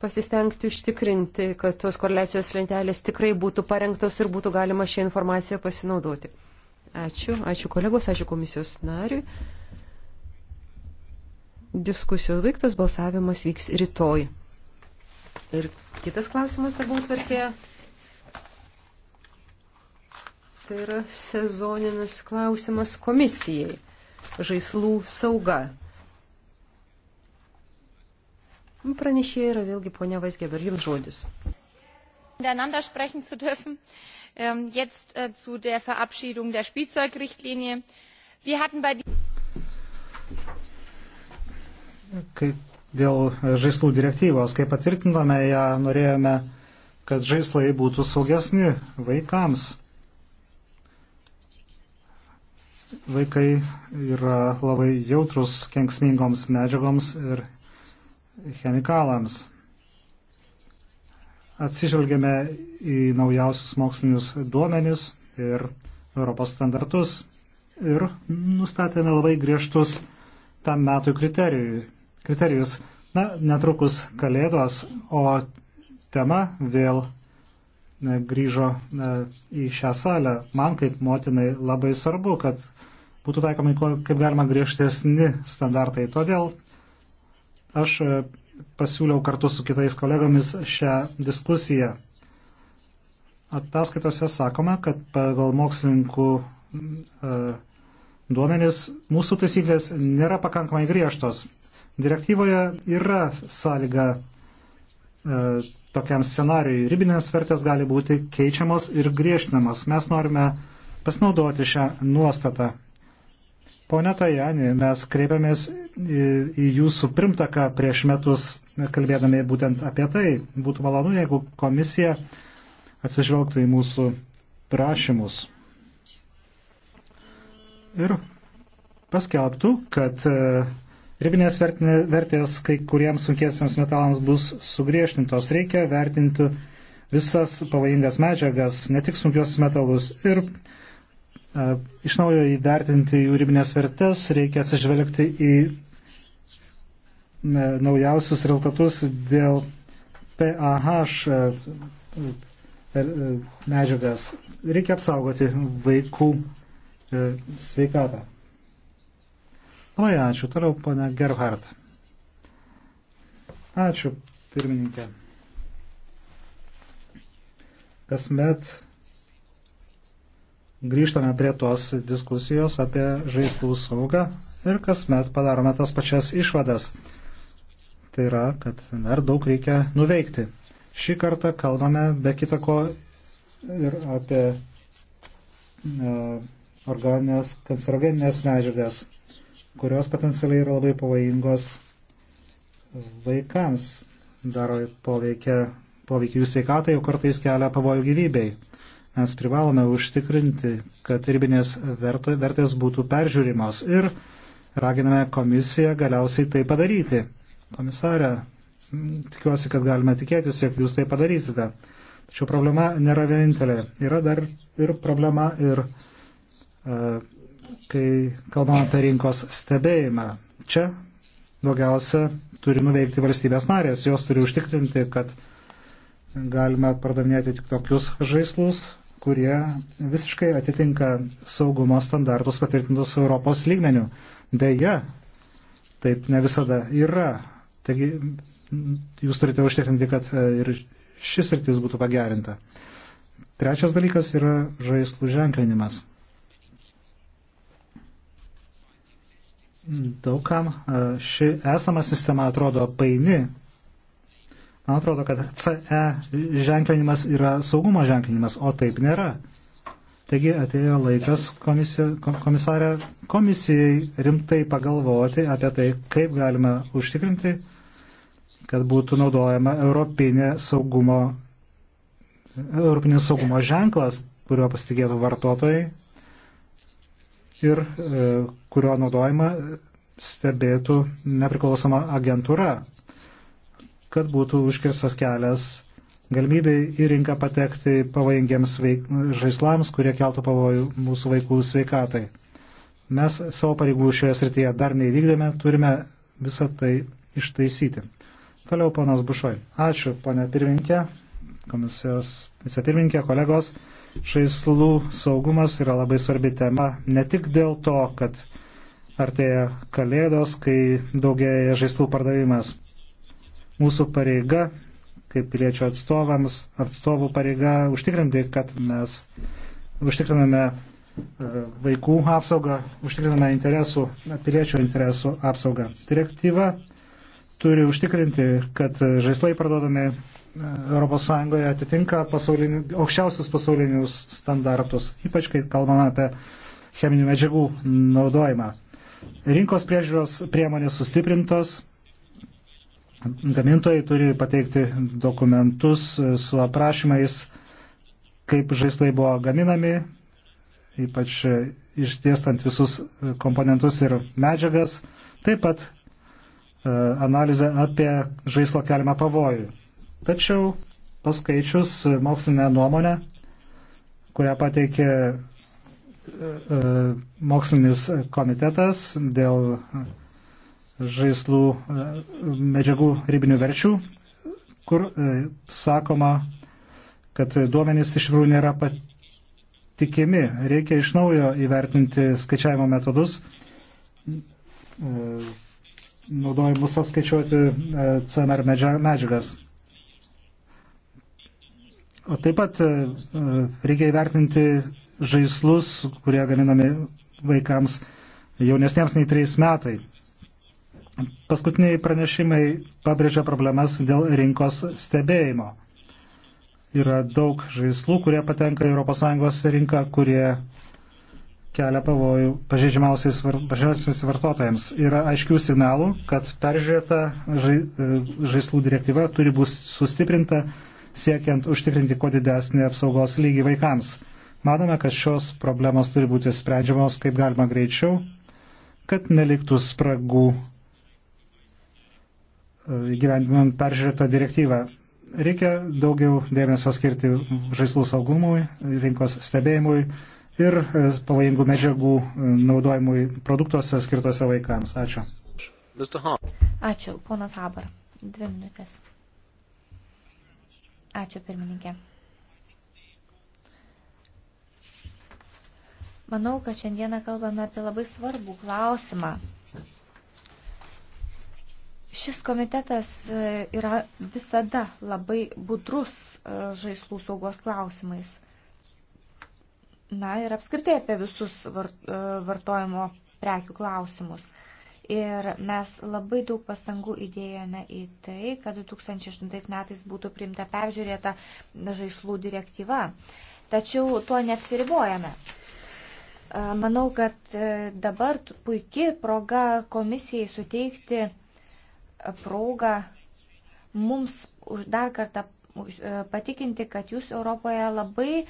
pasistengti užtikrinti, kad tos koreliacijos lentelės tikrai būtų parengtos ir būtų galima šią informaciją pasinaudoti. Ačiū, ačiū kolegos, ačiū komisijos nariui. Diskusijos baigtas, balsavimas vyks rytoj. Ir kitas klausimas darbo tvarkėje. Tai yra sezoninis klausimas komisijai. Žaislų sauga. Pranešėja yra vėlgi ponia Vaisgeber, jums žodis. miteinander sprechen zu dürfen. Ähm, jetzt äh, zu der Verabschiedung der Spielzeugrichtlinie. Wir hatten bei Kai dėl žaislų direktyvos, kai patvirtinome ją, norėjome, kad žaislai būtų saugesni vaikams. Vaikai yra labai jautrus kenksmingoms medžiagoms ir chemikalams. Atsižvelgėme į naujausius mokslinius duomenis ir Europos standartus ir nustatėme labai griežtus tam metų kriterijus. Na, netrukus kalėdos, o tema vėl grįžo į šią salę. Man kaip motinai labai svarbu, kad būtų taikomi kaip galima griežtesni standartai. Todėl Aš e, pasiūliau kartu su kitais kolegomis šią diskusiją. Ataskaitose sakome, kad pagal mokslininkų e, duomenis mūsų taisyklės nėra pakankamai griežtos. Direktyvoje yra sąlyga e, tokiam scenarijui. Ribinės vertės gali būti keičiamos ir griežtinamos. Mes norime pasinaudoti šią nuostatą. Pone Tajani, mes kreipiamės į, į jūsų primtaką prieš metus, kalbėdami būtent apie tai. Būtų malonu, jeigu komisija atsižvelgtų į mūsų prašymus ir paskelbtų, kad e, Ribinės vertės kai kuriems sunkiesiams metalams bus sugriežtintos. Reikia vertinti visas pavojingas medžiagas, ne tik sunkiosius metalus ir iš naujo įvertinti jūrybinės vertės, reikia atsižvelgti į naujausius rezultatus dėl PAH medžiagas. Reikia apsaugoti vaikų sveikatą. Labai ačiū. Toliau, pana Gerhardt. Ačiū, pirmininkė. Kasmet grįžtame prie tos diskusijos apie žaislų saugą ir kasmet padarome tas pačias išvadas. Tai yra, kad dar daug reikia nuveikti. Šį kartą kalbame be kitako ir apie e, organinės kancerogeninės medžiagas, kurios potencialiai yra labai pavojingos vaikams, daro poveikia, poveikį jų sveikatai, jau kartais kelia pavojų gyvybei. Mes privalome užtikrinti, kad ribinės vertės būtų peržiūrimos ir raginame komisiją galiausiai tai padaryti. Komisarė, tikiuosi, kad galime tikėtis, jog jūs tai padarysite. Tačiau problema nėra vienintelė. Yra dar ir problema ir, e, kai kalbame apie rinkos stebėjimą. Čia daugiausia turi nuveikti valstybės narės. Jos turi užtikrinti, kad galima pardavinėti tik tokius žaislus, kurie visiškai atitinka saugumo standartus patvirtintus Europos lygmenių. Deja, taip ne visada yra. Taigi jūs turite užtikrinti, kad e, ir šis rytis būtų pagerinta. Trečias dalykas yra žaislų ženklinimas. Daugam e, ši esama sistema atrodo paini Man atrodo, kad CE ženklinimas yra saugumo ženklinimas, o taip nėra. Taigi atėjo laikas komisija, komisarė komisijai rimtai pagalvoti apie tai, kaip galima užtikrinti, kad būtų naudojama europinė saugumo, europinės saugumo ženklas, kuriuo pasitikėtų vartotojai ir e, kurio naudojimą stebėtų nepriklausoma agentūra kad būtų užkirstas kelias galimybei į rinką patekti pavojingiems veik... žaislams, kurie keltų pavojų mūsų vaikų sveikatai. Mes savo pareigų šioje srityje dar neįvykdėme, turime visą tai ištaisyti. Toliau ponas Bušoj. Ačiū, ponė pirmininkė, komisijos vicepirmininkė, kolegos. Žaislų saugumas yra labai svarbi tema, ne tik dėl to, kad artėja kalėdos, kai daugėja žaislų pardavimas, Mūsų pareiga, kaip piliečio atstovams, atstovų pareiga užtikrinti, kad mes užtikriname e, vaikų apsaugą, užtikriname interesų, piliečių interesų apsaugą. Direktyva turi užtikrinti, kad žaislai parduodami ES atitinka pasaulini, aukščiausius pasaulinius standartus, ypač kai kalbame apie cheminių medžiagų naudojimą. Rinkos priežiūros priemonės sustiprintos, gamintojai turi pateikti dokumentus su aprašymais, kaip žaislai buvo gaminami, ypač išdėstant visus komponentus ir medžiagas, taip pat e, analizę apie žaislo keliamą pavojų. Tačiau paskaičius mokslinę nuomonę, kurią pateikė e, e, mokslinis komitetas dėl žaislų e, medžiagų ribinių verčių, kur e, sakoma, kad duomenys iš tikrųjų nėra patikimi. Reikia iš naujo įvertinti skaičiavimo metodus, e, naudojimus apskaičiuoti CMR medžiagas. O taip pat reikia įvertinti žaislus, kurie gaminami vaikams jaunesniems nei 3 metai. Paskutiniai pranešimai pabrėžia problemas dėl rinkos stebėjimo. Yra daug žaislų, kurie patenka į ES rinką, kurie kelia pavojų pažeidžiamiausiais vartotojams. Yra aiškių signalų, kad peržiūrėta žai, žaislų direktyva turi būti sustiprinta, siekiant užtikrinti kuo didesnį apsaugos lygį vaikams. Manome, kad šios problemos turi būti sprendžiamos kaip galima greičiau, kad neliktų spragų gyvendinant peržiūrėtą direktyvą. Reikia daugiau dėmesio skirti žaislų saugumui, rinkos stebėjimui ir e, pavojingų medžiagų e, naudojimui produktuose skirtuose vaikams. Ačiū. Ačiū, ponas Habar. Dvi minutės. Ačiū, pirmininkė. Manau, kad šiandieną kalbame apie labai svarbų klausimą. Šis komitetas e, yra visada labai budrus e, žaislų saugos klausimais. Na ir apskritai apie visus e, vartojimo prekių klausimus. Ir mes labai daug pastangų įdėjome į tai, kad 2008 metais būtų priimta peržiūrėta žaislų direktyva. Tačiau tuo neapsiribojame. Manau, kad dabar puikia proga komisijai suteikti progą mums dar kartą e, patikinti, kad jūs Europoje labai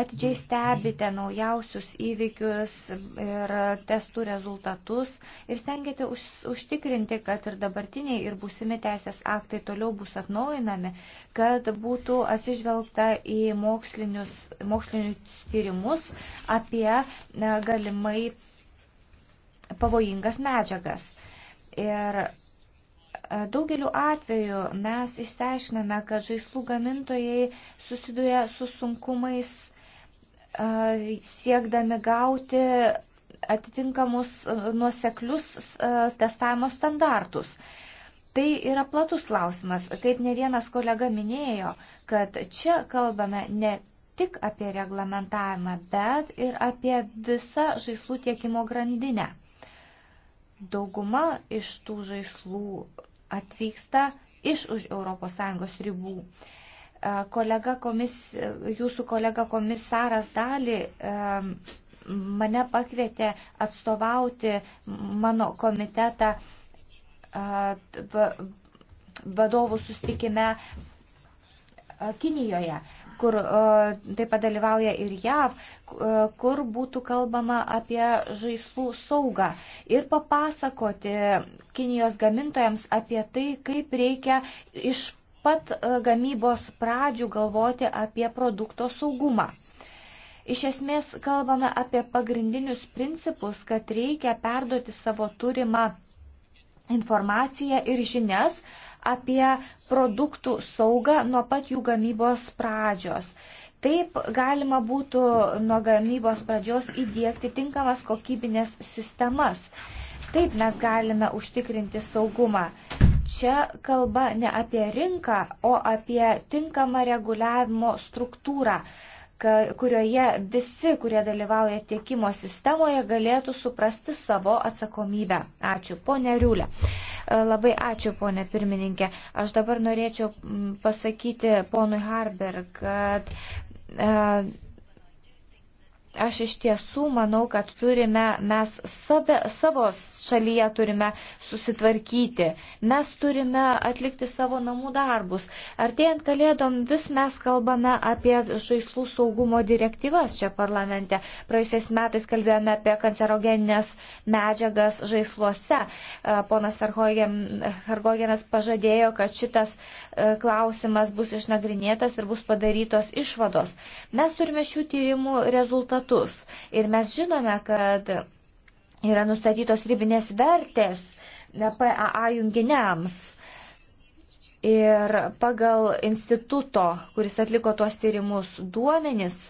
atidžiai stebite naujausius įvykius ir testų rezultatus ir stengiate už, užtikrinti, kad ir dabartiniai ir būsimi teisės aktai toliau bus atnaujinami, kad būtų atsižvelgta į mokslinius, mokslinius tyrimus apie e, galimai pavojingas medžiagas. Ir Daugeliu atveju mes įsteišiname, kad žaislų gamintojai susiduria su sunkumais siekdami gauti atitinkamus nuoseklius testavimo standartus. Tai yra platus klausimas, kaip ne vienas kolega minėjo, kad čia kalbame ne tik apie reglamentavimą, bet ir apie visą žaislų tiekimo grandinę. Dauguma iš tų žaislų atvyksta iš už ES ribų. E, kolega komis, jūsų kolega komisaras Dali e, mane pakvietė atstovauti mano komitetą e, vadovų sustikime Kinijoje kur e, taip pat dalyvauja ir JAV, e, kur būtų kalbama apie žaislų saugą ir papasakoti Kinijos gamintojams apie tai, kaip reikia iš pat e, gamybos pradžių galvoti apie produkto saugumą. Iš esmės kalbame apie pagrindinius principus, kad reikia perduoti savo turimą informaciją ir žinias, apie produktų saugą nuo pat jų gamybos pradžios. Taip galima būtų nuo gamybos pradžios įdėkti tinkamas kokybinės sistemas. Taip mes galime užtikrinti saugumą. Čia kalba ne apie rinką, o apie tinkamą reguliavimo struktūrą kurioje visi, kurie dalyvauja tiekimo sistemoje, galėtų suprasti savo atsakomybę. Ačiū, ponė Riulė. E, labai ačiū, ponė pirmininkė. Aš dabar norėčiau pasakyti ponui Harber, kad. E, Aš iš tiesų manau, kad turime, mes sabe, savo šalyje turime susitvarkyti, mes turime atlikti savo namų darbus. Artėjant kalėdom vis mes kalbame apie žaislų saugumo direktyvas čia parlamente. Praėjusiais metais kalbėjome apie kancerogeninės medžiagas žaisluose. Ponas Vergogenas pažadėjo, kad šitas E, klausimas bus išnagrinėtas ir bus padarytos išvados. Mes turime šių tyrimų rezultatus ir mes žinome, kad yra nustatytos ribinės vertės e, PAA junginiams. Ir pagal instituto, kuris atliko tuos tyrimus duomenis,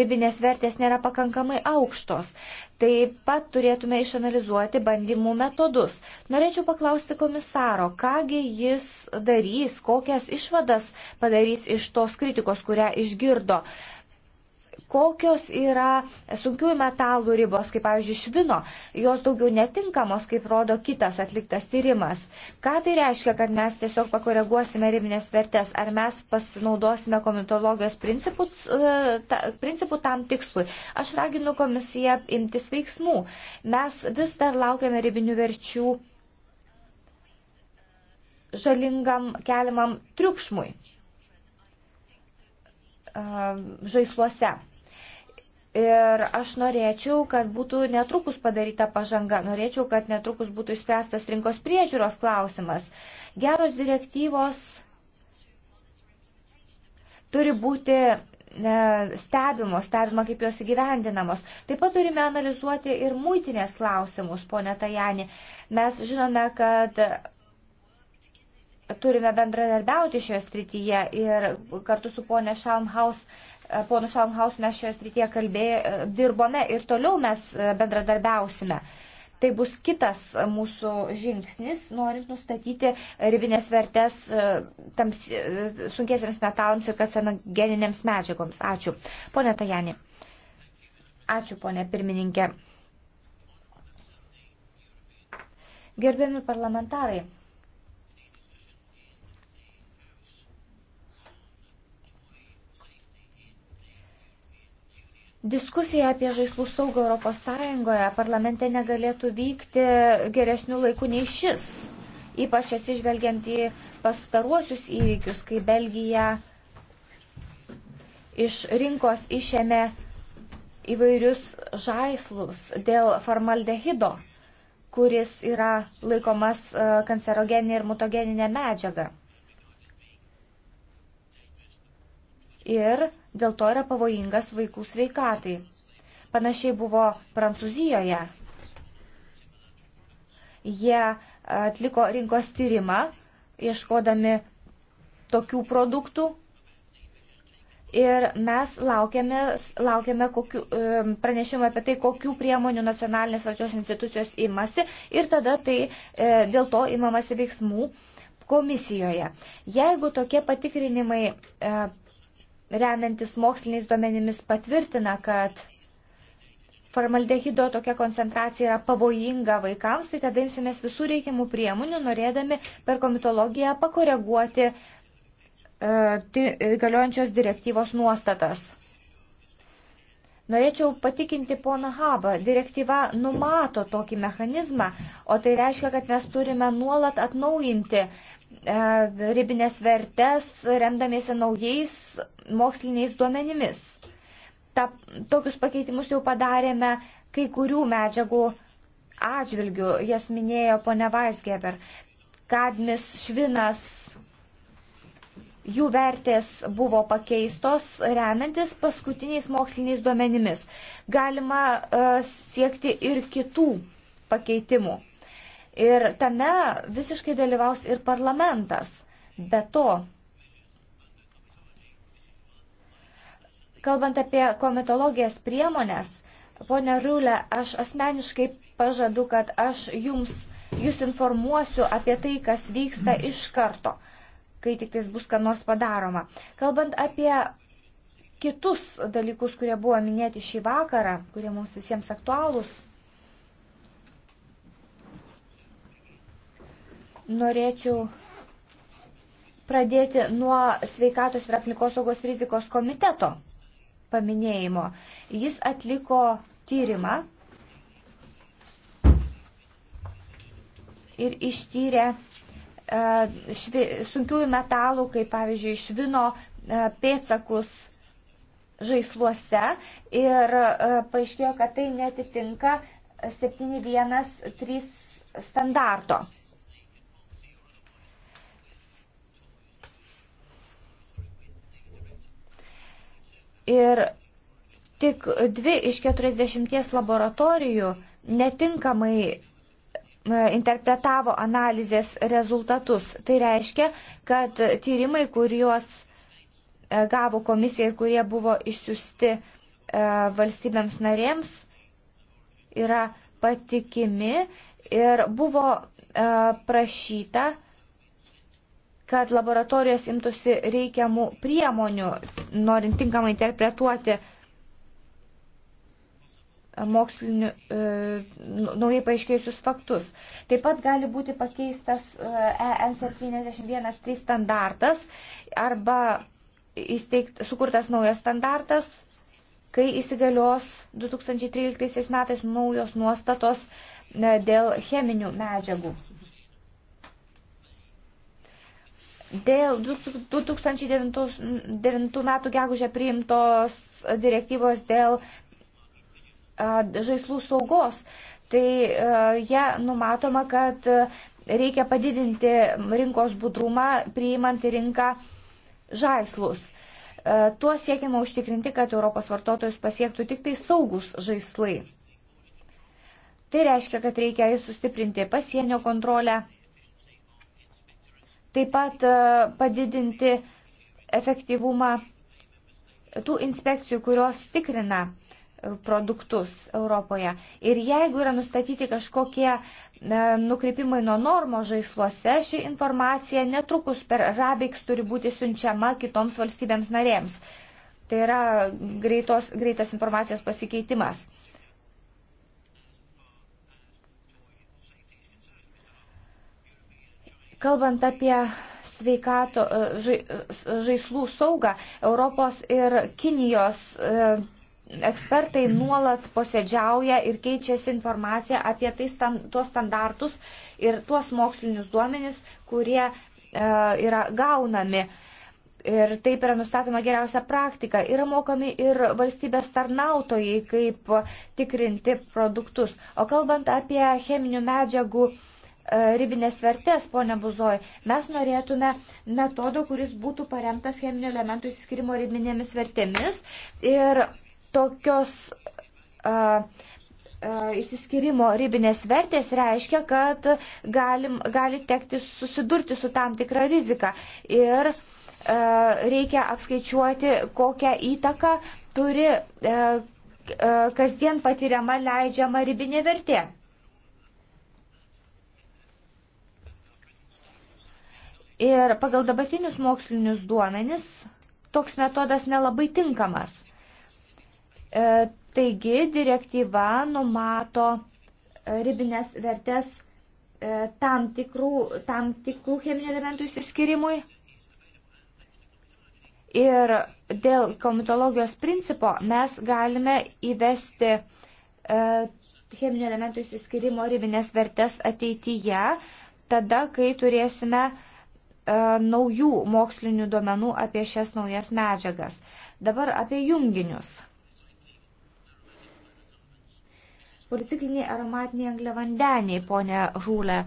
ribinės vertės nėra pakankamai aukštos. Taip pat turėtume išanalizuoti bandymų metodus. Norėčiau paklausti komisaro, kągi jis darys, kokias išvadas padarys iš tos kritikos, kurią išgirdo. Uh, kokios yra sunkiųjų metalų ribos, kaip pavyzdžiui švino, jos daugiau netinkamos, kaip rodo kitas atliktas tyrimas. Ką tai reiškia, kad mes tiesiog pakoreguosime ribinės vertės, ar mes pasinaudosime komitologijos principų, e, ta, principų tam tikslui. Aš raginu komisiją imtis veiksmų. Mes vis dar laukiame ribinių verčių žalingam keliamam triukšmui e, žaisluose. Ir aš norėčiau, kad būtų netrukus padaryta pažanga, norėčiau, kad netrukus būtų išspręstas rinkos priežiūros klausimas. Geros direktyvos turi būti e, stebimos, stebima, kaip jos įgyvendinamos. Taip pat turime analizuoti ir muitinės klausimus, ponė Tajani. Mes žinome, kad turime bendradarbiauti šioje srityje ir kartu su ponė Šalmhaus ponu Šalmhaus mes šioje srityje kalbė, e, dirbome ir toliau mes e, bendradarbiausime. Tai bus kitas mūsų žingsnis, norint nustatyti ribinės vertės e, tams, sunkiesiams metalams ir karsenogeninėms medžiagoms. Ačiū. Pone Tajani. Ačiū, ponė pirmininkė. Gerbiami parlamentarai. Diskusija apie žaislų saugą ES parlamente negalėtų vykti geresnių laikų nei šis, ypač atsižvelgiant į pastaruosius įvykius, kai Belgija iš rinkos išėmė įvairius žaislus dėl formaldehido, kuris yra laikomas e, kancerogeninė ir mutogeninė medžiaga. Ir dėl to yra pavojingas vaikų sveikatai. Panašiai buvo Prancūzijoje. Jie atliko rinkos tyrimą, ieškodami tokių produktų. Ir mes laukiame, laukiame kokiu, e, pranešimą apie tai, kokių priemonių nacionalinės valdžios institucijos imasi ir tada tai e, dėl to imamasi veiksmų komisijoje. Jeigu tokie patikrinimai e, remiantis moksliniais duomenimis patvirtina, kad formaldehido tokia koncentracija yra pavojinga vaikams, tai tada imsimės visų reikiamų priemonių, norėdami per komitologiją pakoreguoti e, di, galiojančios direktyvos nuostatas. Norėčiau patikinti poną Habą, direktyva numato tokį mechanizmą, o tai reiškia, kad mes turime nuolat atnaujinti E, ribinės vertes, remdamiesi naujais moksliniais duomenimis. Ta, tokius pakeitimus jau padarėme kai kurių medžiagų atžvilgių, jas minėjo ponia Vaisgeber. Kadmis, švinas, jų vertės buvo pakeistos remiantis paskutiniais moksliniais duomenimis. Galima uh, siekti ir kitų pakeitimų. Ir tame visiškai dalyvaus ir parlamentas. Be to, kalbant apie komitologijas priemonės, ponia Rūlė, aš asmeniškai pažadu, kad aš jums, jūs informuosiu apie tai, kas vyksta iš karto, kai tik tais bus ką nors padaroma. Kalbant apie kitus dalykus, kurie buvo minėti šį vakarą, kurie mums visiems aktualūs. Norėčiau pradėti nuo sveikatos ir aplinkosaugos rizikos komiteto paminėjimo. Jis atliko tyrimą ir ištyrė e, švi, sunkiųjų metalų, kaip pavyzdžiui, švino e, pėtsakus žaisluose ir e, paaiškėjo, kad tai netitinka 713 standarto. Ir tik dvi iš 40 laboratorijų netinkamai e, interpretavo analizės rezultatus. Tai reiškia, kad tyrimai, kuriuos e, gavo komisija ir kurie buvo išsiusti e, valstybėms narėms, yra patikimi ir buvo prašyta kad laboratorijos imtųsi reikiamų priemonių, norint tinkamai interpretuoti e, mokslinių, e, naujai paaiškėjusius faktus. Taip pat gali būti pakeistas e, e EN713 standartas arba įsteigt, sukurtas naujas standartas, kai įsigalios 2013 metais naujos nuostatos dėl cheminių medžiagų. Dėl 2009 metų gegužę priimtos direktyvos dėl žaislų saugos, tai jie numatoma, kad reikia padidinti rinkos budrumą, priimant į rinką žaislus. Tuo siekiama užtikrinti, kad Europos vartotojus pasiektų tik tai saugus žaislai. Tai reiškia, kad reikia sustiprinti pasienio kontrolę taip pat e, padidinti efektyvumą tų inspekcijų, kurios tikrina e, produktus Europoje. Ir jeigu yra nustatyti kažkokie e, nukreipimai nuo normo žaisluose, ši informacija netrukus per RABIX turi būti siunčiama kitoms valstybėms narėms. Tai yra greitos, greitas informacijos pasikeitimas. Kalbant apie sveikato e, e, žaislų saugą, Europos ir Kinijos e, ekspertai nuolat posėdžiauja ir keičiasi informacija apie tai, tuos standartus ir tuos mokslinius duomenis, kurie yra gaunami. Ir taip yra nustatoma geriausia praktika. Yra mokami ir valstybės tarnautojai, kaip tikrinti produktus. O kalbant apie cheminių medžiagų uh, E, ribinės vertės, ponė Buzoj. Mes norėtume metodo, kuris būtų paremtas cheminių elementų įsiskirimo ribinėmis vertėmis ir tokios uh, e, įsiskirimo e, ribinės vertės reiškia, kad galim, gali tekti susidurti su tam tikra rizika ir e, reikia apskaičiuoti, kokią įtaką turi e, kasdien patiriama leidžiama ribinė vertė. Ir pagal dabartinius mokslinius duomenis toks metodas nelabai tinkamas. E, taigi direktyva numato ribinės vertės e, tam tikrų, tam tikrų cheminių elementų išsiskirimui. Ir dėl komitologijos principo mes galime įvesti e, cheminių elementų išsiskirimo ribinės vertės ateityje, tada, kai turėsime e, E, naujų mokslinių duomenų apie šias naujas medžiagas. Dabar apie junginius. Policikliniai aromatiniai angliavandeniai, ponė Žūlė.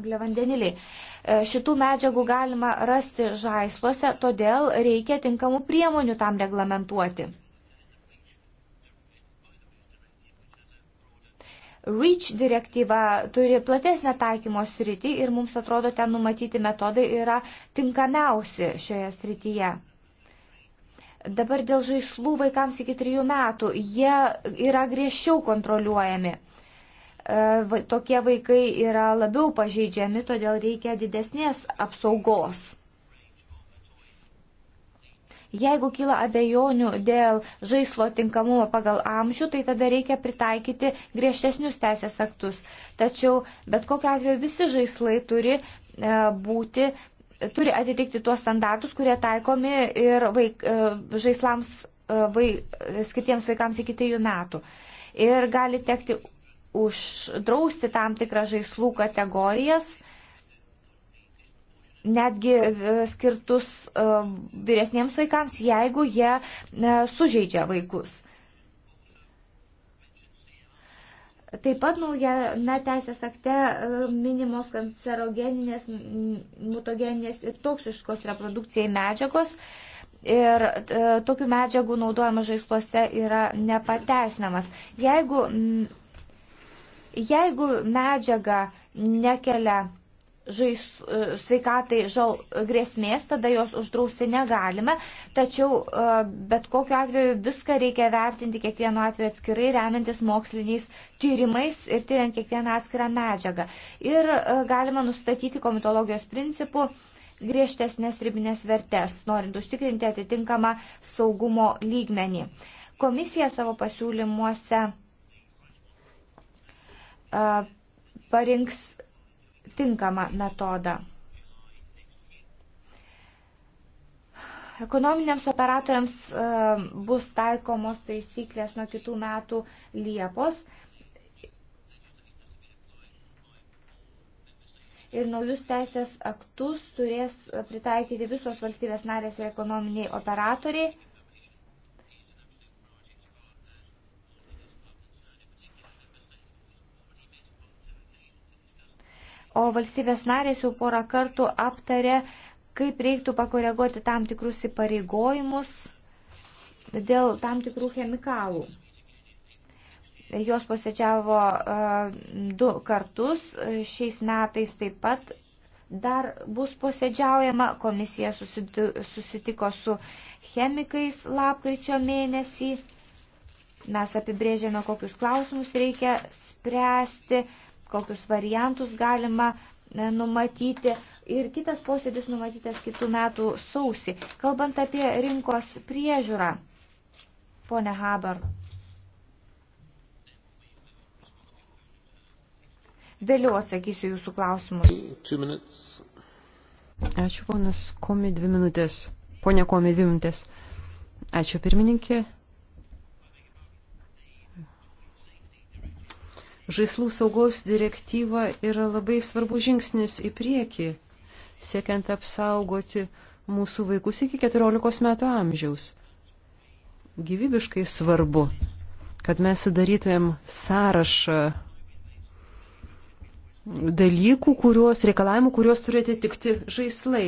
Angliavandeniliai. E, šitų medžiagų galima rasti žaisluose, todėl reikia tinkamų priemonių tam reglamentuoti. REACH direktyva turi platesnę taikymo sritį ir mums atrodo ten numatyti metodai yra tinkamiausi šioje srityje. Dabar dėl žaislų vaikams iki trijų metų jie yra griežčiau kontroliuojami. E, tokie vaikai yra labiau pažeidžiami, todėl reikia didesnės apsaugos. Jeigu kyla abejonių dėl žaislo tinkamumo pagal amžių, tai tada reikia pritaikyti griežtesnius teisės aktus. Tačiau bet kokiu atveju visi žaislai turi e, būti turi atitikti tuos standartus, kurie taikomi ir vaik, e, žaislams e, vaik, skirtiems vaikams iki 3 metų. Ir gali tekti uždrausti tam tikrą žaislų kategorijas, uh, netgi e, skirtus e, vyresniems vaikams, jeigu jie e, sužeidžia vaikus. Taip pat naujame teisės akte minimos kancerogeninės, mutogeninės ir toksiškos reprodukcijai medžiagos. Ir e, tokių medžiagų naudojimas žaisluose yra nepateisinamas. Jeigu, jeigu medžiaga nekelia žais, e, sveikatai žal grėsmės, tada jos uždrausti negalime, tačiau e, bet kokiu atveju viską reikia vertinti kiekvienu atveju atskirai, remiantis moksliniais tyrimais ir tyriant kiekvieną atskirą medžiagą. Ir e, galima nustatyti komitologijos principų griežtesnės ribinės vertės, norint užtikrinti atitinkamą saugumo lygmenį. Komisija savo pasiūlymuose parinks tinkamą metodą. Ekonominiams operatoriams e, bus taikomos taisyklės nuo kitų metų Liepos ir naujus teisės aktus turės pritaikyti visos valstybės narės ir ekonominiai operatoriai. o valstybės narės jau porą kartų aptarė, kaip reiktų pakoreguoti tam tikrus įpareigojimus dėl tam tikrų chemikalų. Jos posėdžiavo uh, du kartus, šiais metais taip pat dar bus posėdžiaujama, komisija susitiko su chemikais lapkričio mėnesį, mes apibrėžėme, kokius klausimus reikia spręsti, uh, kokius variantus galima e, numatyti. Ir kitas posėdis numatytas kitų metų sausį. Kalbant apie rinkos priežiūrą, ponė Habar. Vėliau atsakysiu jūsų klausimus. Ačiū, ponas Komi, dvi minutės. Pone Komi, dvi minutės. Ačiū, pirmininkė. Žaislų saugos direktyva yra labai svarbus žingsnis į priekį, siekiant apsaugoti mūsų vaikus iki 14 metų amžiaus. Gyvybiškai svarbu, kad mes sudarytumėm sąrašą dalykų, kuriuos, reikalavimų, kuriuos turi atitikti žaislai.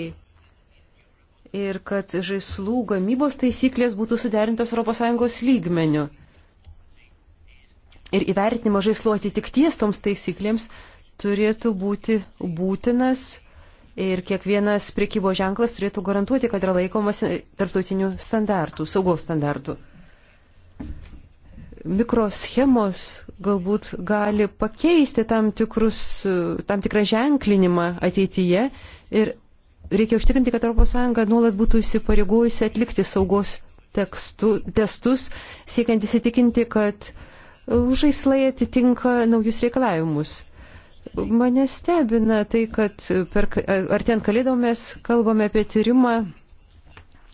Ir kad žaislų gamybos taisyklės būtų suderintos ES lygmeniu ir įvertinimo žaislo atitikties toms taisyklėms turėtų būti būtinas ir kiekvienas priekybo ženklas turėtų garantuoti, kad yra laikomas tarptautinių standartų, saugos standartų. Mikroschemos galbūt gali pakeisti tam, tikrus, tam tikrą ženklinimą ateityje ir reikia užtikrinti, kad ES nuolat būtų įsipareigojusi atlikti saugos tekstų, testus, siekiant įsitikinti, kad uh, žaislai atitinka naujus reikalavimus. Mane stebina tai, kad per, ar ten kalėdom mes kalbame apie tyrimą,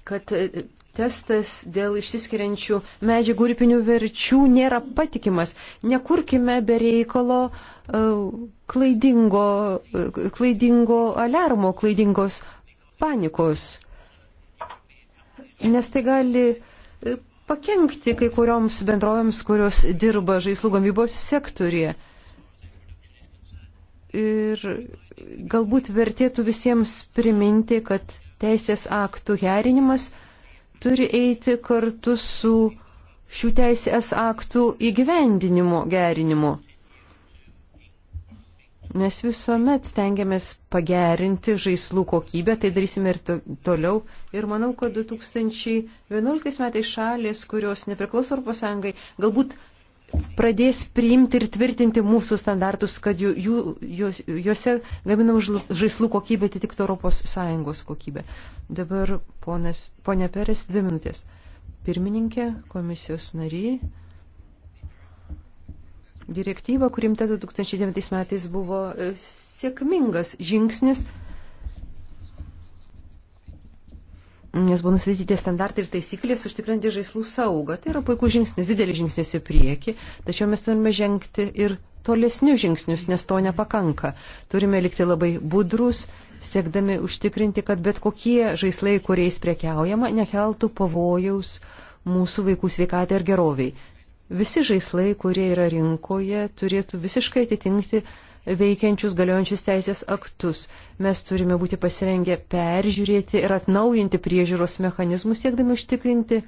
kad testas dėl išsiskiriančių medžiagų ripinių verčių nėra patikimas. Nekurkime be reikalo e, klaidingo, e, klaidingo alarmo, klaidingos panikos. Nes tai gali e, pakengti kai kurioms bendrovėms, kurios dirba žaislų gamybos sektorėje. Ir galbūt vertėtų visiems priminti, kad teisės aktų gerinimas turi eiti kartu su šių teisės aktų įgyvendinimo gerinimu. Mes visuomet stengiamės pagerinti žaislų kokybę, tai darysime ir to, toliau. Ir manau, kad 2011 metais šalis, kurios nepriklauso Europos Sąjungai, galbūt pradės priimti ir tvirtinti mūsų standartus, kad jų, jų, juos, juose gaminamų žaislų kokybė atitiktų Europos Sąjungos kokybę. Dabar ponas, ponia Peres, dvi minutės. Pirmininkė, komisijos nariai. Direktyva, kurimta 2009 metais, buvo e, sėkmingas žingsnis, nes buvo nustatyti standartai ir taisyklės užtikrinti žaislų saugą. Tai yra puikus žingsnis, didelis žingsnis į priekį, tačiau mes turime žengti ir tolesnius žingsnius, nes to nepakanka. Turime likti labai budrus, siekdami užtikrinti, kad bet kokie žaislai, kuriais prekiaujama, nekeltų pavojaus mūsų vaikų sveikatai ir geroviai visi žaislai, kurie yra rinkoje, turėtų visiškai atitinkti veikiančius galiojančius teisės aktus. Mes turime būti pasirengę peržiūrėti ir atnaujinti priežiūros mechanizmus, siekdami užtikrinti,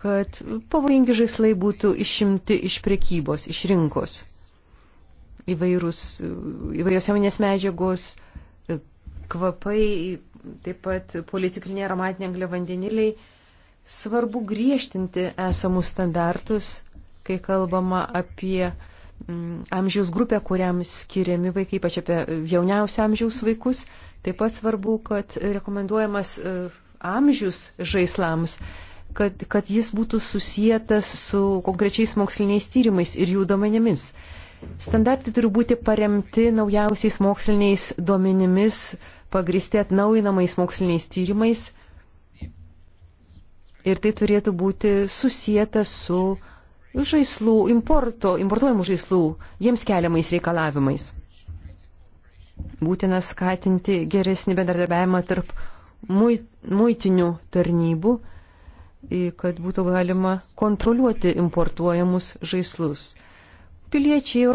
kad pavojingi žaislai būtų išimti iš prekybos, iš rinkos. Įvairūs, įvairios jaminės medžiagos, kvapai, taip pat policiklinė aromatinė angliavandeniliai Svarbu griežtinti esamus standartus, kai kalbama apie mm, amžiaus grupę, kuriam skiriami vaikai, ypač apie jauniausią amžiaus vaikus. Taip pat svarbu, kad rekomenduojamas e, amžius žaislams, kad, kad jis būtų susijęs su konkrečiais moksliniais tyrimais ir jų duomenimis. Standartai turi būti paremti naujausiais moksliniais duomenimis, pagristi atnaujinamais moksliniais tyrimais ir tai turėtų būti susijęta su žaislų importo, importuojamų žaislų, jiems keliamais reikalavimais. Būtina skatinti geresnį bendradarbiavimą tarp muitinių tarnybų, kad būtų galima kontroliuoti importuojamus žaislus. Piliečiai,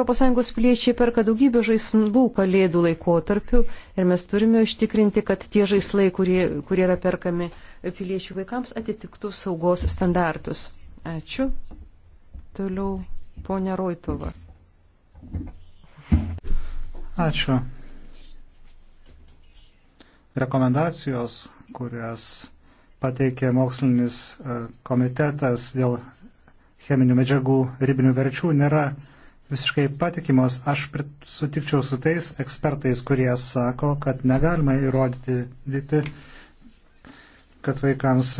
ES piliečiai perka daugybę žaislų kalėdų laikotarpių ir mes turime užtikrinti, kad tie žaislai, kurie, kurie yra perkami piliečių vaikams, atitiktų saugos standartus. Ačiū. Toliau ponia Roitova. Ačiū. Rekomendacijos, kurias pateikė mokslinis e, komitetas dėl cheminių medžiagų ribinių verčių, nėra visiškai patikimos. Aš sutikčiau su tais ekspertais, kurie sako, kad negalima įrodyti, kad vaikams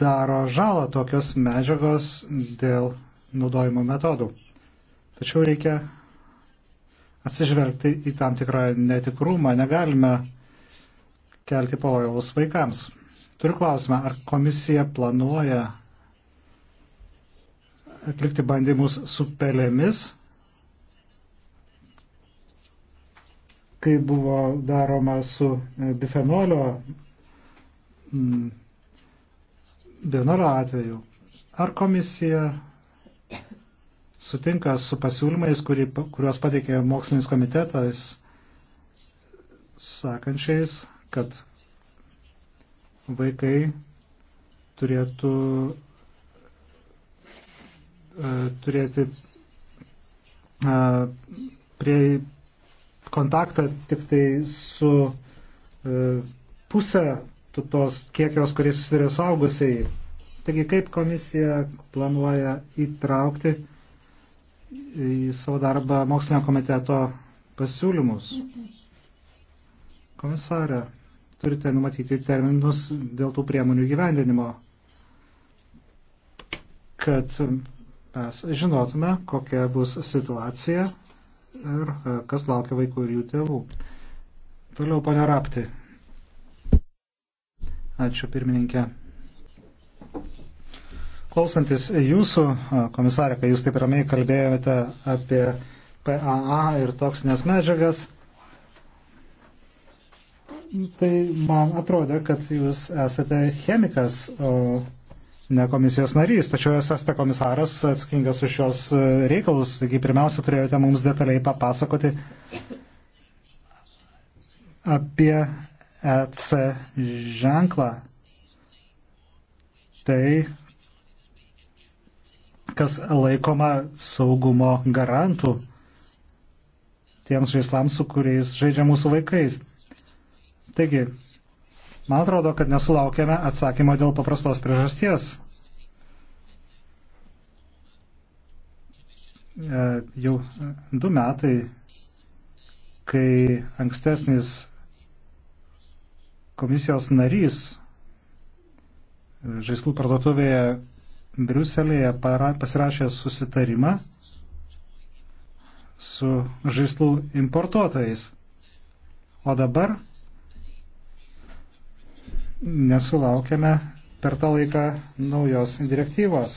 daro žalą tokios medžiagos dėl naudojimo metodų. Tačiau reikia atsižvelgti į tam tikrą netikrumą. Negalime kelti pavojaus vaikams. Turiu klausimą, ar komisija planuoja atlikti bandymus su pelėmis kai buvo daroma su e, bifenolio bifenolio atveju. Ar komisija sutinka su pasiūlymais, kurį, kuriuos pateikė mokslinis komitetas, sakančiais, kad vaikai turėtų uh, turėti uh, e, prie, kontaktą tik tai su e, pusę tos kiekios, kurie susiduria suaugusiai. Taigi kaip komisija planuoja įtraukti į savo darbą mokslinio komiteto pasiūlymus? Komisarė, turite numatyti terminus dėl tų priemonių gyvendinimo, kad mes žinotume, kokia bus situacija ir e, kas laukia vaikų ir jų tėvų. Toliau, ponia Rapti. Ačiū, pirmininkė. Klausantis jūsų, e, komisarė, kai jūs taip ramiai kalbėjote apie PAA ir toksinės medžiagas, tai man atrodė, kad jūs esate chemikas, o ne komisijos narys, tačiau esate komisaras atsakingas už šios e, reikalus, taigi pirmiausia turėjote mums detaliai papasakoti apie EC ženklą. Tai, kas laikoma saugumo garantų tiems žaislams, su kuriais žaidžia mūsų vaikais. Taigi, Man atrodo, kad nesulaukėme atsakymo dėl paprastos priežasties. E, jau du metai, kai ankstesnis komisijos narys žaislų parduotuvėje Briuselėje pasirašė susitarimą su žaislų importuotojais. O dabar nesulaukėme per tą laiką naujos direktyvos.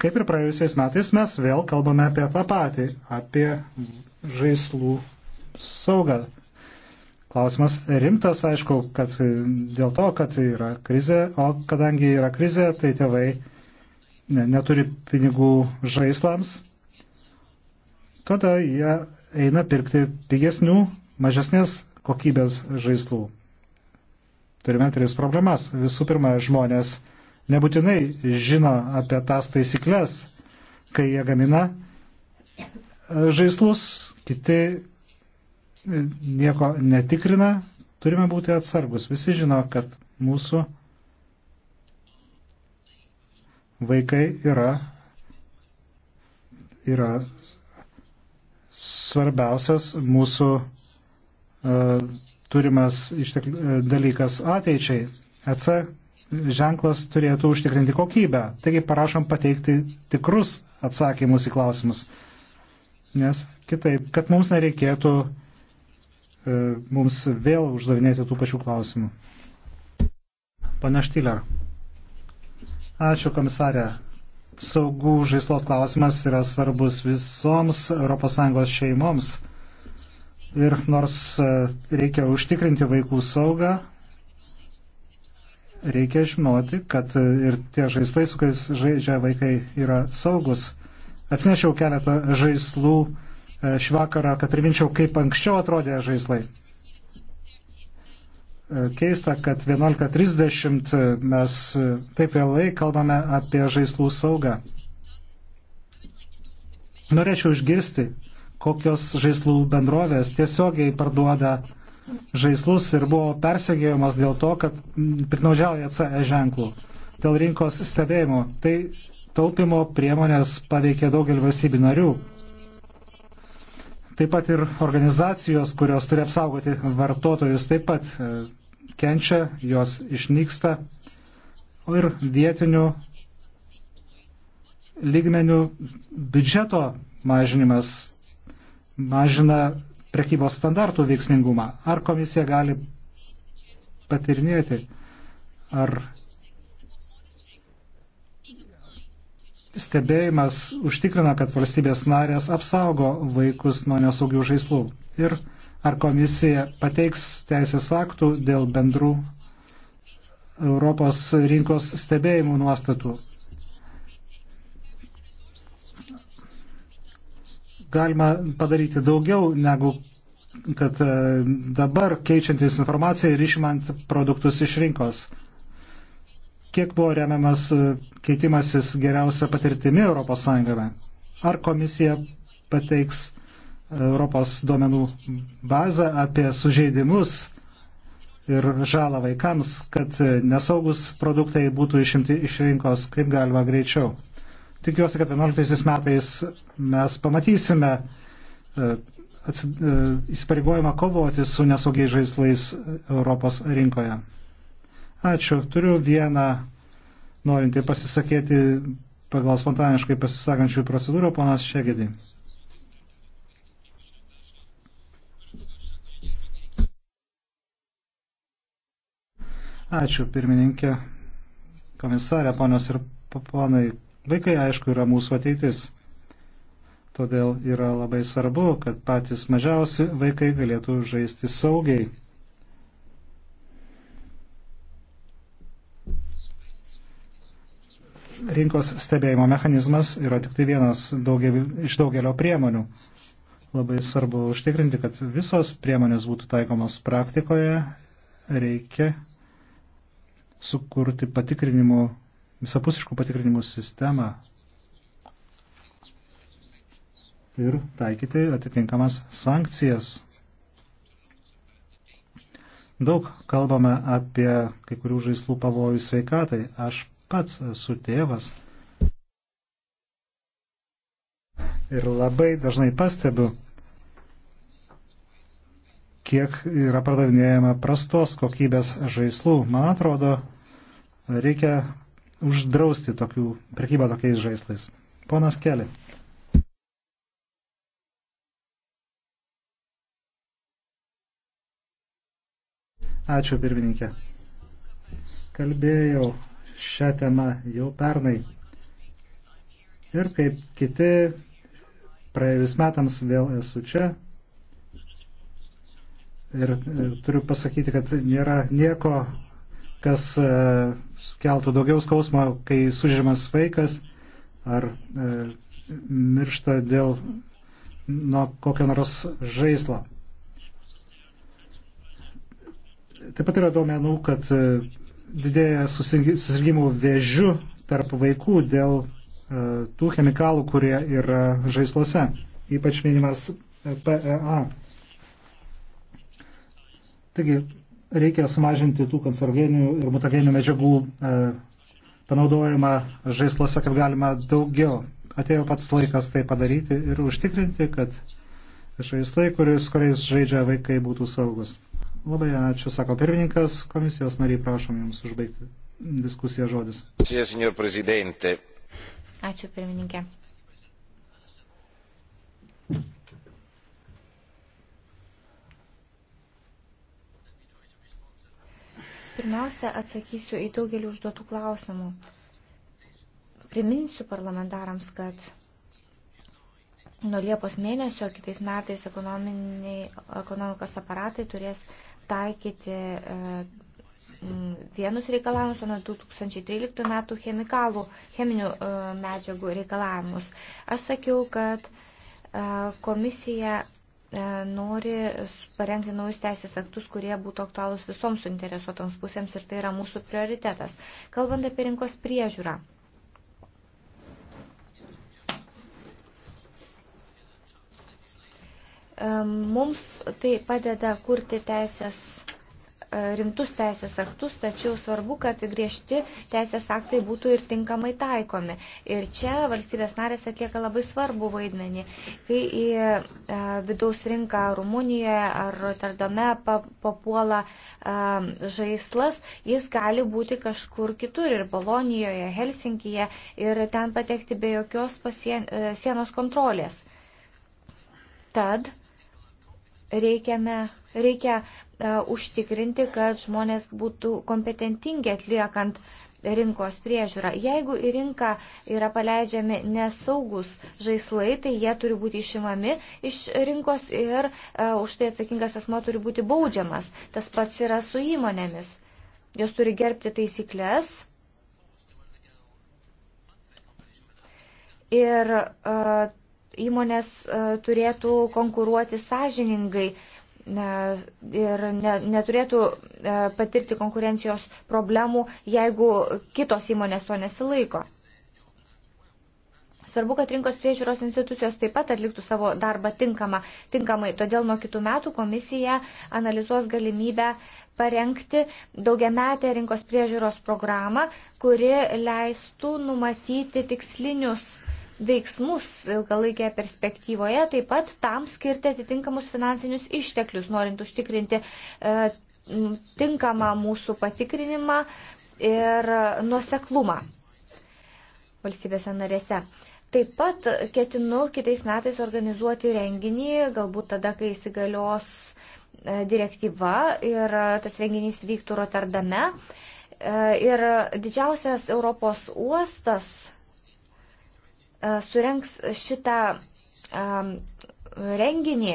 Kaip ir praėjusiais metais mes vėl kalbame apie tą patį, apie žaislų saugą. Klausimas rimtas, aišku, kad dėl to, kad yra krizė, o kadangi yra krizė, tai tėvai neturi pinigų žaislams, tada jie eina pirkti pigesnių, mažesnės kokybės žaislų. Turime tris problemas. Visų pirma, žmonės nebūtinai žino apie tas taisyklės, kai jie gamina e, žaislus, kiti e, nieko netikrina, turime būti atsargus. Visi žino, kad mūsų vaikai yra, yra svarbiausias mūsų turimas dalykas ateičiai. EC ženklas turėtų užtikrinti kokybę. Taigi parašom pateikti tikrus atsakymus į klausimus. Nes kitaip, kad mums nereikėtų e, mums vėl uždavinėti tų pačių klausimų. Pane Štiler. Ačiū, komisarė. Saugų žaislos klausimas yra svarbus visoms ES šeimoms. Ir nors e, reikia užtikrinti vaikų saugą, reikia žinoti, kad e, ir tie žaislai, su kuriais žaidžia vaikai, yra saugus. Atsinešiau keletą žaislų e, šį vakarą, kad priminčiau, kaip anksčiau atrodė žaislai. Keista, kad 11.30 mes taip vėlai kalbame apie žaislų saugą. Norėčiau išgirsti, kokios žaislų bendrovės tiesiogiai parduoda žaislus ir buvo persegėjamas dėl to, kad pridnaudžiauja CE ženklų dėl rinkos stebėjimo. Tai taupimo priemonės paveikė daugelį valstybių narių. Taip pat ir organizacijos, kurios turi apsaugoti vartotojus, taip pat e, kenčia, jos išnyksta. O ir vietinių lygmenių biudžeto mažinimas mažina prekybos standartų veiksmingumą. Ar komisija gali patirinėti, ar stebėjimas užtikrina, kad valstybės narės apsaugo vaikus nuo nesaugių žaislų. Ir ar komisija pateiks teisės aktų dėl bendrų Europos rinkos stebėjimų nuostatų. galima padaryti daugiau negu kad e, dabar keičiantis informaciją ir išimant produktus iš rinkos. Kiek buvo remiamas e, keitimasis geriausia patirtimi ES? Ar komisija pateiks e, Europos duomenų bazą apie sužeidimus ir žalą vaikams, kad nesaugus produktai būtų išimti iš rinkos kaip galima greičiau? Tikiuosi, kad 11 metais mes pamatysime e, e, įsipareigojimą kovoti su nesaugiais žaislais Europos rinkoje. Ačiū. Turiu vieną norintį pasisakyti pagal spontaniškai pasisakančių procedūrą, panas Šegedį. Ačiū, pirmininkė, komisarė, ponios ir ponai, Vaikai, aišku, yra mūsų ateitis. Todėl yra labai svarbu, kad patys mažiausi vaikai galėtų žaisti saugiai. Rinkos stebėjimo mechanizmas yra tik tai vienas daugelį, iš daugelio priemonių. Labai svarbu užtikrinti, kad visos priemonės būtų taikomos praktikoje. Reikia sukurti patikrinimų visapusiškų patikrinimų sistemą ir taikyti atitinkamas sankcijas. Daug kalbame apie kai kurių žaislų pavojų sveikatai. Aš pats esu tėvas. Ir labai dažnai pastebiu, kiek yra pardavinėjama prastos kokybės žaislų. Man atrodo, reikia uždrausti tokių, prekybą tokiais žaislais. Ponas Keli. Ačiū pirmininkė. Kalbėjau šią temą jau pernai. Ir kaip kiti, praėjus metams vėl esu čia. Ir, ir e, turiu pasakyti, kad nėra nieko kas e, keltų daugiau skausmo, kai sužymas vaikas ar e, miršta dėl nuo kokio nors žaislo. Taip pat yra duomenų, kad e, didėja susirgymų vėžių tarp vaikų dėl tų chemikalų, kurie yra žaisluose, ypač minimas PEA. Taigi, reikia sumažinti tų kancerogeninių ir mutageninių medžiagų e, panaudojimą žaisluose kaip galima daugiau. Atėjo pats laikas tai padaryti ir užtikrinti, kad žaislai, kuris, kuriais žaidžia vaikai, būtų saugus. Labai ačiū, sako pirmininkas, komisijos nariai, prašom Jums užbaigti diskusiją žodis. Ačiū, pirmininkė. Pirmiausia, atsakysiu į daugelį užduotų klausimų. Priminsiu parlamentarams, kad nuo Liepos mėnesio kitais metais ekonomikos aparatai turės taikyti e, vienus reikalavimus, o nuo 2013 metų chemikalų, cheminių e, medžiagų reikalavimus. Aš sakiau, kad e, komisija E, nori parengti naujus teisės aktus, kurie būtų aktualūs visoms suinteresuotoms pusėms ir tai yra mūsų prioritetas. Kalbant apie rinkos priežiūrą. E, mums tai padeda kurti teisės rimtus teisės aktus, tačiau svarbu, kad griežti teisės aktai būtų ir tinkamai taikomi. Ir čia valstybės narės atlieka labai svarbu vaidmenį. Kai į e, vidaus rinką Rumunijoje ar Rotterdame papuola e, žaislas, jis gali būti kažkur kitur ir Bolonijoje, Helsinkyje ir ten patekti be jokios pasien, e, sienos kontrolės. Tad reikiame, reikia E, užtikrinti, kad žmonės būtų kompetentingi atliekant rinkos priežiūrą. Jeigu į rinką yra paleidžiami nesaugus žaislai, tai jie turi būti išimami iš rinkos ir uh, už tai atsakingas asmo turi būti baudžiamas. Tas pats yra su įmonėmis. Jos turi gerbti taisyklės. Ir uh, įmonės uh, turėtų konkuruoti sąžiningai uh, ir ne, neturėtų e, patirti konkurencijos problemų, jeigu kitos įmonės to nesilaiko. Svarbu, kad rinkos priežiūros institucijos taip pat atliktų savo darbą tinkamą, tinkamai. Todėl nuo kitų metų komisija analizuos galimybę parengti daugiametę rinkos priežiūros programą, kuri leistų numatyti tikslinius uh, veiksmus ilgalaikėje perspektyvoje, taip pat tam skirti atitinkamus finansinius išteklius, norint užtikrinti e, tinkamą mūsų patikrinimą ir nuoseklumą valstybėse narėse. Taip pat ketinu kitais metais organizuoti renginį, galbūt tada, kai įsigalios e, direktyva ir tas renginys vyktų Rotterdame. E, ir didžiausias Europos uostas E, surenks šitą e, renginį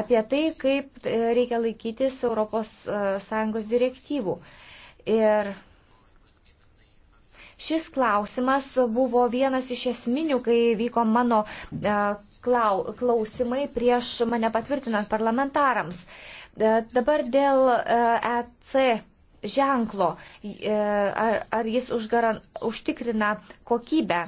apie tai, kaip e, reikia laikytis ES direktyvų. Ir šis klausimas buvo vienas iš esminių, kai vyko mano klausimai prieš mane patvirtinant parlamentarams. Dabar dėl EC ženklo, ar, ar jis užgaran, užtikrina kokybę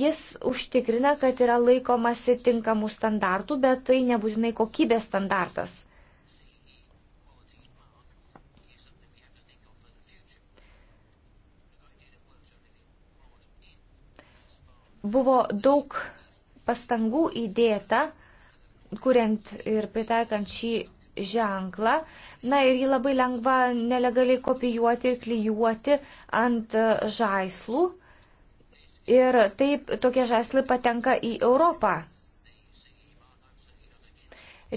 Jis užtikrina, kad yra laikomasi tinkamų standartų, bet tai nebūtinai kokybės standartas. Buvo daug pastangų įdėta, kuriant ir pritaikant šį ženklą. Na ir jį labai lengva nelegaliai kopijuoti ir klyjuoti ant žaislų. Ir taip tokie žaislai patenka į Europą.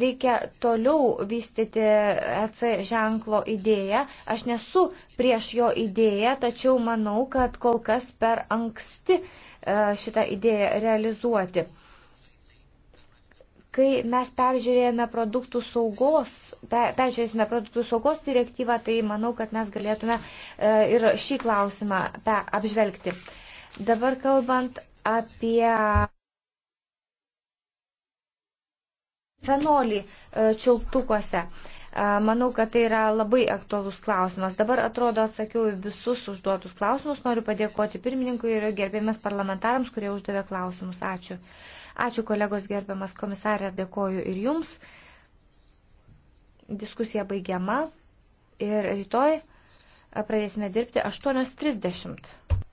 Reikia toliau vystyti EC ženklo idėją. Aš nesu prieš jo idėją, tačiau manau, kad kol kas per anksti e, šitą idėją realizuoti. Kai mes peržiūrėjome produktų saugos, peržiūrėsime produktų saugos direktyvą, tai manau, kad mes galėtume e, ir šį klausimą apžvelgti. Dabar kalbant apie fenolį e, čiulptukuose. E, manau, kad tai yra labai aktuolus klausimas. Dabar atrodo atsakiau visus užduotus klausimus. Noriu padėkoti pirmininkui ir gerbėmės parlamentarams, kurie uždavė klausimus. Ačiū. Ačiū kolegos gerbiamas komisarė, dėkoju ir jums. Diskusija baigiama ir rytoj e, pradėsime dirbti 8.30.